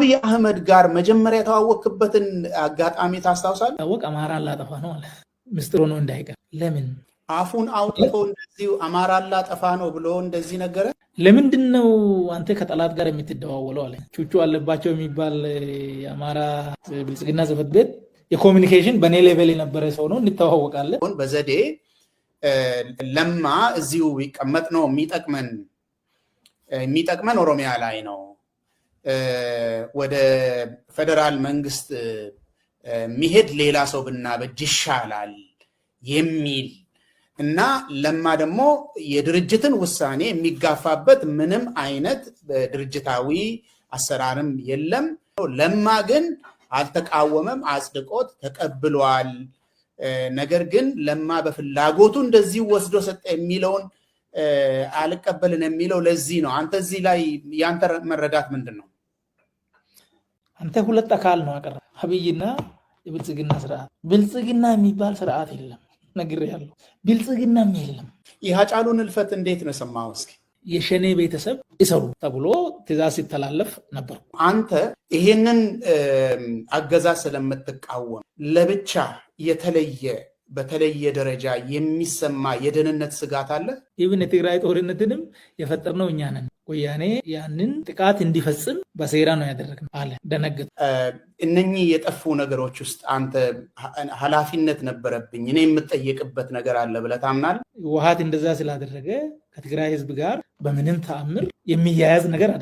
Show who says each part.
Speaker 1: ከአብይ አህመድ ጋር መጀመሪያ የተዋወቅበትን አጋጣሚ ታስታውሳል?
Speaker 2: ታወቅ አማራ አላጠፋ ነው አለ። ምስጢር ሆኖ እንዳይቀር ለምን
Speaker 1: አፉን አውጥቶ እንደዚሁ አማራ አላጠፋ ነው ብሎ እንደዚህ ነገረ።
Speaker 2: ለምንድን ነው አንተ ከጠላት ጋር የምትደዋወለው አለ። ቹቹ አለባቸው የሚባል የአማራ ብልጽግና ጽፈት ቤት የኮሚኒኬሽን በእኔ ሌቨል የነበረ ሰው ነው፣ እንተዋወቃለን
Speaker 1: በዘዴ ለማ እዚሁ ቢቀመጥ ነው የሚጠቅመን የሚጠቅመን ኦሮሚያ ላይ ነው ወደ ፌዴራል መንግስት ሚሄድ ሌላ ሰው ብናበጅ ይሻላል የሚል እና ለማ ደግሞ የድርጅትን ውሳኔ የሚጋፋበት ምንም አይነት ድርጅታዊ አሰራርም የለም። ለማ ግን አልተቃወመም፣ አጽድቆት ተቀብሏል። ነገር ግን ለማ በፍላጎቱ እንደዚህ ወስዶ ሰጠ የሚለውን አልቀበልን የሚለው ለዚህ ነው። አንተ እዚህ ላይ ያንተ መረዳት ምንድን ነው?
Speaker 2: አንተ ሁለት አካል ነው አቀረ አብይና የብልጽግና ስርዓት። ብልጽግና የሚባል ስርዓት የለም፣ ነግሬሃለሁ። ብልጽግናም የለም።
Speaker 1: የሀጫሉን እልፈት እንዴት ነው የሰማኸው? እስኪ
Speaker 2: የሸኔ ቤተሰብ ይሰሩ ተብሎ ትእዛዝ ሲተላለፍ ነበር።
Speaker 1: አንተ ይሄንን አገዛዝ ስለምትቃወም ለብቻ የተለየ በተለየ ደረጃ የሚሰማ የደህንነት ስጋት አለ።
Speaker 2: ይህን የትግራይ ጦርነትንም የፈጠርነው እኛ ነን። ወያኔ ያንን ጥቃት እንዲፈጽም በሴራ ነው ያደረግነው አለ። ደነገጠ።
Speaker 1: እነኚህ የጠፉ ነገሮች ውስጥ አንተ ኃላፊነት ነበረብኝ እኔ የምጠየቅበት ነገር አለ ብለህ ታምናለህ?
Speaker 2: ውሃት እንደዛ ስላደረገ ከትግራይ ህዝብ ጋር በምንም ተአምር የሚያያዝ ነገር አለ